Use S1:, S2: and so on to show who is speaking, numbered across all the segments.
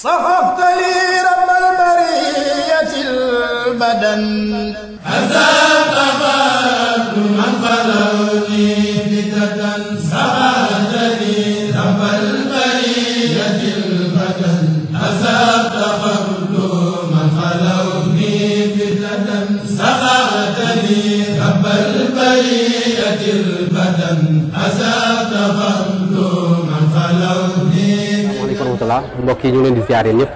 S1: صففت لي رب البرية البدن هزات بعد من خلوني فتة صففت لي رب البرية البدن هزات فرد من خلوني فتة صففت لي رب البرية البدن هزات taala mbokk yi ñu ngi leen di ziar yéen ñëpp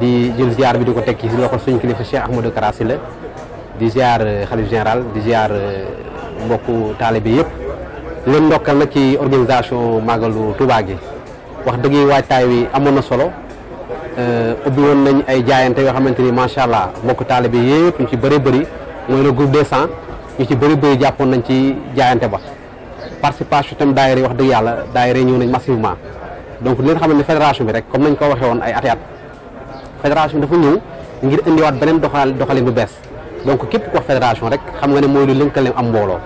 S1: di jël ziar bi di ko teg ki loxo suñu kilifa Cheikh Ahmadou Kara Sylla di ziar xalif général di ziar mbokku taalibe yëpp di leen ndokkal nag ci organisation màggalu Touba gi wax dëgg yi waajtaay wi amoon na solo euh, ubbi woon nañ ay jaayante yoo xamante ni macha allah mbokku taalibe yëpp ñu ci bëri bëri mooy le groupe des cent ñu ci bëri bëri jàppoon nañ ci jaayante ba participation tam daayira wax dëgg yàlla da ñëw nañ massivement donc li nga xamante fédération bi rek comme nañ ko waxee woon ay ati at fédération bi dafa ñëw ngir indiwaat beneen doxal doxalin bu bees donc képp ku wax fédération rek xam nga ne mooy lu lënkale am mbooloo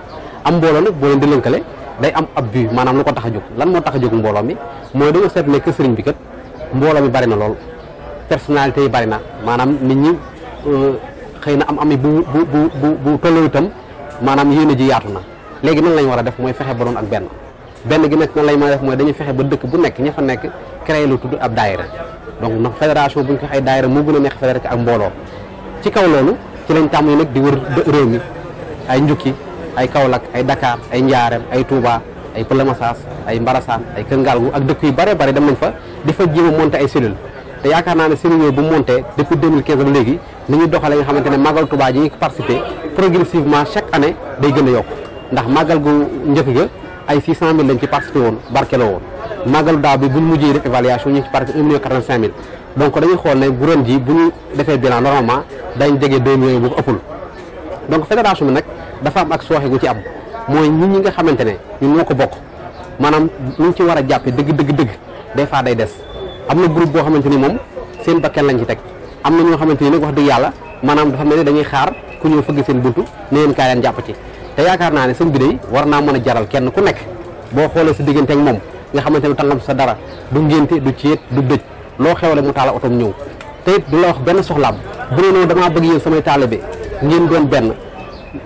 S1: am mbooloo nag boo leen di lënkale day am ab bii maanaam lu ko tax a jóg lan moo tax a jóg mbooloo mi mooy dañoo seet ne que bi kat mbooloo mi bari na lool personnalité yi bari na maanaam nit ñi euh, xëy na am am ami bu bu bu bu tolloo itam maanaam yéene ji yaatu na léegi nan lañ war a def mooy fexe ba doon ak benn benn gi nekk moom lay may wax mooy dañuy fexe ba dëkk bu nekk ña fa nekk créé lu tudd ab daayira donc ndax fédération bu ñu ko ay daayira moo gën a neex fédéré ak mbooloo ci kaw ci lañ tàmm nag di wër réew mi ay njukki ay Kaolack ay Dakar ay Njaareem ay Touba ay Pël Massas ay Mbarasaan ay Kër Ngaalgu ak dëkk yu bare bare dem nañ fa di fa jéem a monté ay cellules te yaakaar naa ne cellules yooyu bu monté depuis 2015 ba léegi ni ñuy doxalee nga xamante ne Magal Touba ji ngi participé progressivement chaque année day gën a yokk ndax magal gu njëkk ay 600000 lañ ci participé woon barkeloo woon màggalu daaw bi buñ mujjee def évaluation ñu ci participé 1 million 45000 donc dañuy xool ne bu ren bu ñu defee bilan normalement dañ jege 2 millions bu ko ëppul donc fédération bi nag dafa am ak sooxee gu ci am mooy ñu ñi nga xamante ne ñun ñoo ko bokk maanaam ñu ci war a jàppee dëgg dëgg dëgg des fois day des am na groupe boo xamante ni moom seen bakkan lañ ci teg am na ñoo xamante ni nag wax dëgg yàlla maanaam dafa mel ne dañuy xaar ku ñëw fëgg seen buntu ne leen kaay jàpp ci te yaakaar naa ne sëñ bi day war naa mën a jaral kenn ku nekk boo xoolee sa diggante ak moom nga xamante ne tàngam sa dara du ngénte du ceet du dëj loo xewle mu taal otom ñëw te it du la wax benn soxlaam bu ne noonu damaa bëgg yéen samay taalibe ngeen doon benn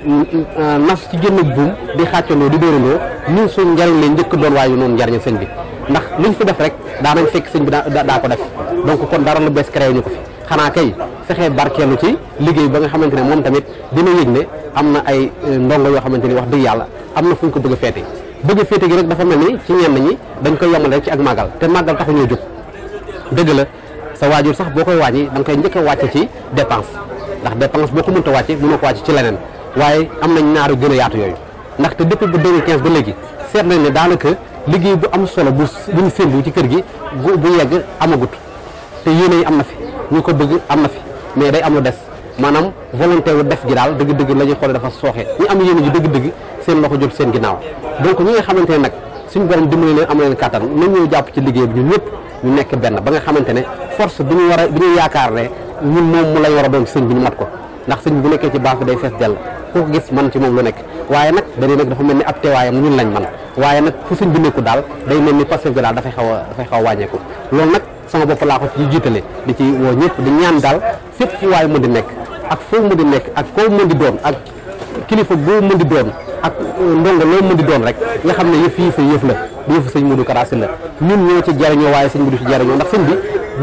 S1: nas ci génn buum di xàccandoo di dóorandoo ñun suñ njariñ leen njëkk doon waaye noonu njariña sëñ bi ndax liñ fi def rek daanañ fekk sëñ bi daa daa ko def donc kon dara lu bees créé ñu ko fi xanaa kay fexe barkeelu ci liggéey ba nga xamante ne moom tamit dina yëg ne am na ay euh, ndongo yoo xamante ni wax dëgg yàlla am na fu ñu ko bëgg feete féete bëgg a gi rek dafa mel ni ci ñenn ñi dañ koy yombal rek ci ak màggal te màggal taxu ñoo jóg dëgg la sa waajur sax boo koy wàññi da nga koy njëkk a wàcce ci dépense ndax dépense boo ko mënta wàcce mënoo ko wàcce ci leneen waaye am nañ ñaaru gën a yaatu yooyu ndaxte depuis ba 2015 ba léegi seet nañ ne daanaka liggéey bu am solo bu buñ séntu ci kër gi bu yegg amagut te yéene yi am na fi ñu ko bëgg am na fi mais day am lu des maanaam volonté wu def gi daal dëgg-dëgg la ñuy xool dafa sooxe ñu am yéene ji dëgg-dëgg seen loxo jot seen ginnaaw donc ñi nga xamante ne nag suñu borom dimbali leen am leen kàttan nañ jàpp ci liggéey bi ñun ñëpp ñu nekk benn ba nga xamante ne force bi ñu war yaakaar ne ñun moom mu lay war a doon sëñ bi ñu mat ko ndax sëñ bu nekkee ci baax bi day fees dell ku ko gis man ci moom lu nekk waaye nag dañuy nag dafa mel ni ab teewaayam ñun lañ man waaye nag fu sëñ bi nekku daal day mel ni passif bi daal dafay xaw a dafay a wàññeeku loolu nag sama bopp laa ko ci jiitale di ci woo ñëpp di ñaan daal fépp fu waay mën di nekk ak foo mën di nekk ak koo mën di doon ak kilifa goo mën di doon ak euh, ndongo loo mën di doon rek nga xam ne yëf yi sa yëf la du yëf sëñ Modou Kara Sylla la ñun ñoo ci jariñoo waaye sëñ bi du ci jariñoo ndax sëñ bi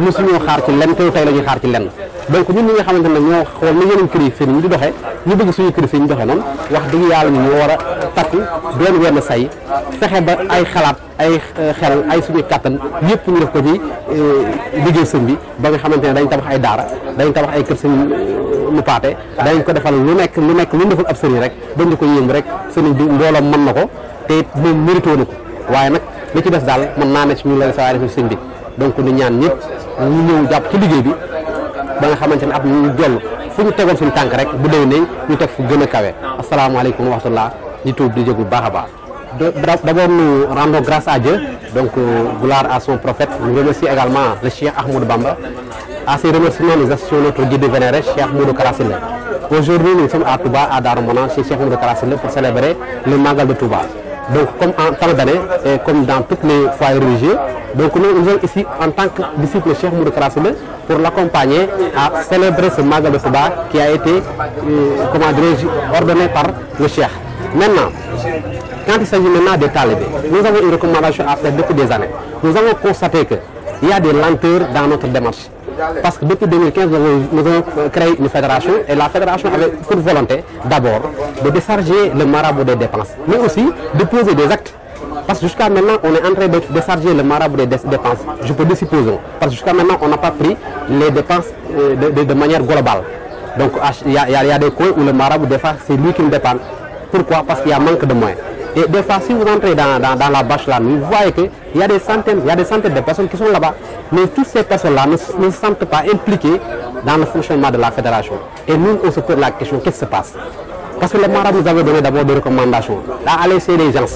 S1: mosuñoo xaar ci lenn te tey la ñuy xaar ci lenn donc ñun ñi nga xamante ne ñoo xool na yeneen kër yi sëriñ di doxee ñu bëgg suñu kër sëriñ doxee noonu wax dugg yàlla ñu war a takku doon wenn say fexe ba ay xalaat ay euh, xel ay suñu kàttan yëpp ñu def ko ci euh, liggéey sëñ bi ba nga xamante ne dañ tabax ay daara dañ tabax ay kër sëñ euh, mu dañ ko defal lu nekk lu nekk lu defal ab sëriñ rek bañ di ko yéem rek sëriñ bi mbooloo mën na ko te it moom mérité na waaye nag li ci des daal mën naa ne ci ñu la sa waaye bi donc ñu ñaan ñëpp ñu ci liggéey bi ba nga xamante ne ab ñu joll fu ñu tegoon suñu tànk rek bu déw ne ñu teg fu gën a kawe asalaamaaleykum wa rahmatullah di tuub di d'abord nous rendons grâce à Dieu donc euh, gloire à son prophète nous remercions également le Cheikh Ahmoud Bamba à ces remerciements nous associons notre guide vénéré Cheikh Moudou Karassile aujourd'hui nous sommes à Touba à Darou chez Cheikh Moudou Karassile pour célébrer le Magal de Touba donc, comme en Tanzanie et comme dans toutes les foyers religieux, donc nous, nous sommes ici en tant que disciples chef Mourou pour l'accompagner à célébrer ce Magal de Soba qui a été, euh, ordonné par le chef. Maintenant, quand il s'agit maintenant des talibés, nous avons une recommandation à faire depuis des années. Nous avons constaté qu'il y a des lenteurs dans notre démarche. Parce que depuis 2015, nous avons, créé une fédération et la fédération avait pour volonté d'abord de décharger le marabout des dépenses, mais aussi de poser des actes. Parce que jusqu'à maintenant, on est en train de décharger le marabout des dépenses. Je peux dire supposer. Parce que jusqu'à maintenant, on n'a pas pris les dépenses euh, de, manière globale. Donc ah, il y, a des coins où le marabout des c'est lui qui me dépend. Pourquoi Parce qu'il y a manque de moyens. Et des fois, si vous entrez dans, dans, la bâche là, vous voyez qu'il y a des centaines, il y a des centaines de personnes qui sont là-bas. Mais toutes ces personnes-là ne, se sentent pas impliquées dans le fonctionnement de la fédération. Et nous, on se pose la question, qu'est-ce qui se passe Parce que le maravu nous avait donné d'abord des recommandations. Là, allez c'est les gens.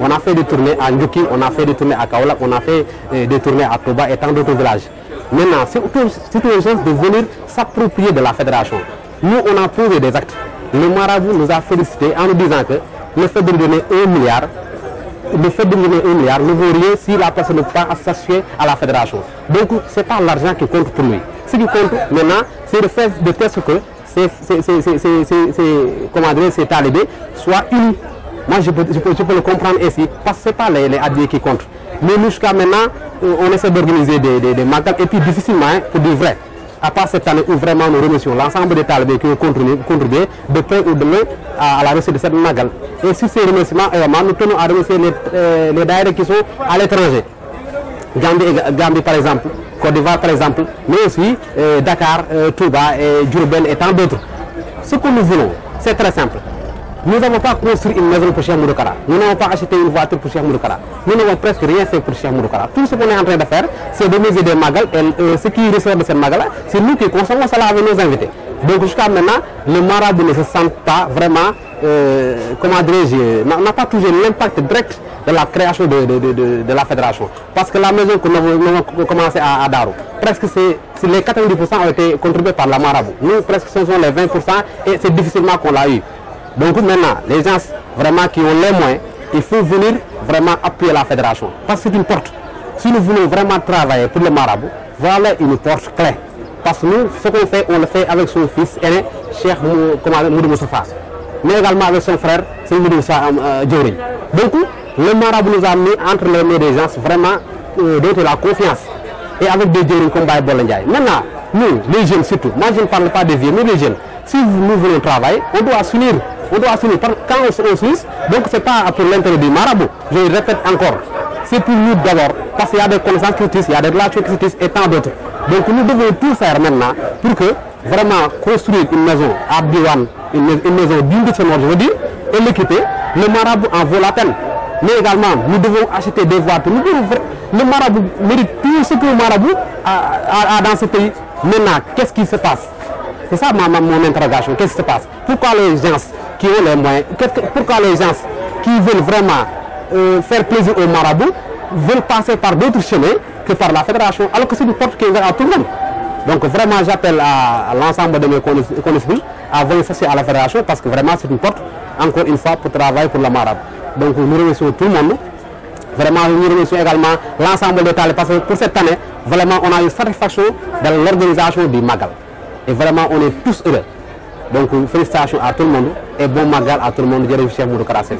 S1: On a fait des tournées à Nduki, on a fait des tournées à Kaola, on a fait euh, des tournées à Toba et tant d'autres villages. Maintenant, c'est aux gens de venir s'approprier de la fédération. Nous, on a prouvé des actes. Le marabout nous a félicité en nous disant que le fait de donner un milliard, le fait de donner milliard ne vaut rien si la personne n'est pas associée à la fédération. Donc, ce n'est pas l'argent qui compte pour lui. Ce qui compte maintenant, c'est le fait de ce que ces talibés soient unis. Moi, je peux, je, peux, le comprendre ainsi, parce que ce n'est pas les, les qui comptent. Mais jusqu'à maintenant, on essaie d'organiser des, des, et puis difficilement, hein, pour des vrai à part cette année où vraiment nous remercions l'ensemble des talibés qui ont contribué, de près ou de main à, la réussite de cette magal. Et sur ces remerciements, nous tenons à remercier les, euh, qui sont à l'étranger. Gambie, Gambie, par exemple, Côte d'Ivoire par exemple, mais aussi euh, Dakar, euh, Touba, et et tant d'autres. Ce que nous voulons, c'est très simple. Nous n'avons pas construit une maison pour Cheikh Moudoukara. Nous n'avons pas acheté une voiture pour Cheikh Moudoukara. Nous n'avons presque rien fait pour Cheikh Moudoukara. Tout ce qu'on est en train de faire, c'est de miser des magal. Et euh, ce qui ressort de cette magal c'est nous qui consommons cela avec nos invités. Donc jusqu'à maintenant, le marabout ne se sent pas vraiment, euh, comment dirais-je, n'a pas toujours l'impact direct de la création de, la fédération. Parce que la maison que nous avons commencé à, à Daro, presque c'est les 90% ont été contribués par la marabout. Nous, presque ce sont les 20% et c'est difficilement qu'on l'a eu. Donc maintenant, les gens vraiment qui ont les moyens, il faut venir vraiment appuyer la fédération. Parce que c'est une porte. Si nous voulons vraiment travailler pour le marabout, voilà une porte claire. Parce que nous, ce qu'on fait, on le fait avec son fils aîné, Cheikh Moudou Moussafa. Mais également avec son frère, c'est Moudou euh, euh, Donc, le marabout nous a mis entre les mains des gens vraiment euh, la confiance. Et avec des jeunes comme Baye Maintenant, nous, les jeunes surtout, moi je ne parle pas des vieux, mais les jeunes, si nous voulons travailler, on doit s'unir on doit finir quand on, Suisse, donc ce n'est pas pour l'intérêt du marabout, je le répète encore, c'est pour nous d'abord, parce qu'il y a des connaissances critiques, il y a des relations critiques et tant d'autres. Donc nous devons tout faire maintenant pour que vraiment construire une maison à Biwan, une, maison d'une de ce nom, je veux dire, et l'équiper, le marabout en vaut la peine. Mais également, nous devons acheter des voitures. le marabout mérite tout ce que le marabout a dans ce pays. Maintenant, qu'est-ce qui se passe c'est ça mon interrogation. Qu'est-ce qui se passe Pourquoi les gens qui ont les moyens, pourquoi les gens qui veulent vraiment euh, faire plaisir au Marabout veulent passer par d'autres chemins que par la fédération, alors que c'est une porte qui est à tout le monde donc vraiment j'appelle à, l'ensemble de mes connaissances à venir s'associer à la fédération parce que vraiment c'est une porte, encore une fois, pour travailler pour le Marabout. Donc nous remercions tout le monde. Vraiment, nous remercions également l'ensemble de l'État, parce que pour cette année, vraiment on a une satisfaction dans l'organisation du Magal. Et vraiment, on est tous heureux. Donc, félicitations à tout le monde et bon magal à tout le monde. Jérémy Chef Mouroukarasé.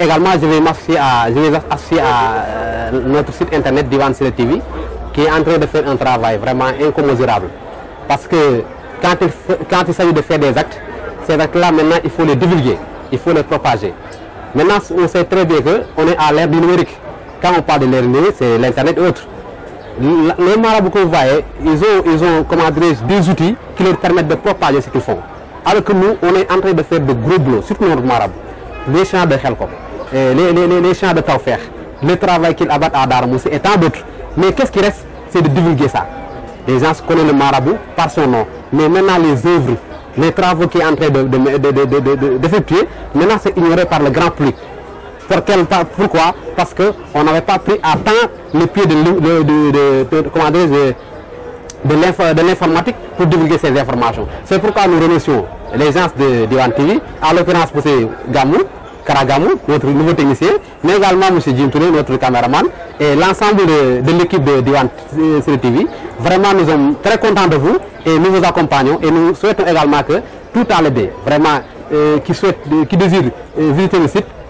S1: Également, je vais m'associer à, je vais associer à euh, notre site internet Divan Sire TV qui est en train de faire un travail vraiment incommensurable. Parce que quand il, quand s'agit de faire des actes, vrai que là maintenant, il faut les divulguer, il faut les propager. Maintenant, on sait très bien qu'on est à l'ère du numérique. Quand on parle de l'ère numérique, c'est l'Internet autre les marabouts que vous ils ont, ils ont des outils qui leur permettent de propager ce qu'ils font. Alors que nous, on est en train de faire de gros boulots, surtout nos marabouts. Les champs de khalko les, champs de Taufer, le travail qu'ils abattent à Darmoussi et tant d'autres. Mais qu'est-ce qui reste C'est de divulguer ça. Les gens connaissent le marabout par son nom. Mais maintenant, les œuvres, les travaux qui sont en train d'effectuer, de, maintenant c'est ignoré par le grand public. Pour pourquoi Parce qu'on n'avait pas pris à temps les pieds de, de, de, l'informatique pour divulguer ces informations. C'est pourquoi nous remercions l'agence de Divan TV, à l'occurrence pour ces Gamou, Karagamou, notre nouveau technicien, mais également M. Jim Touré, notre caméraman, et l'ensemble de, l'équipe de Divan TV. Euh, vraiment, nous sommes très contents de vous et nous vous accompagnons et nous souhaitons également que tout à vraiment, euh, qui, souhaite, qui désire euh, visiter le site,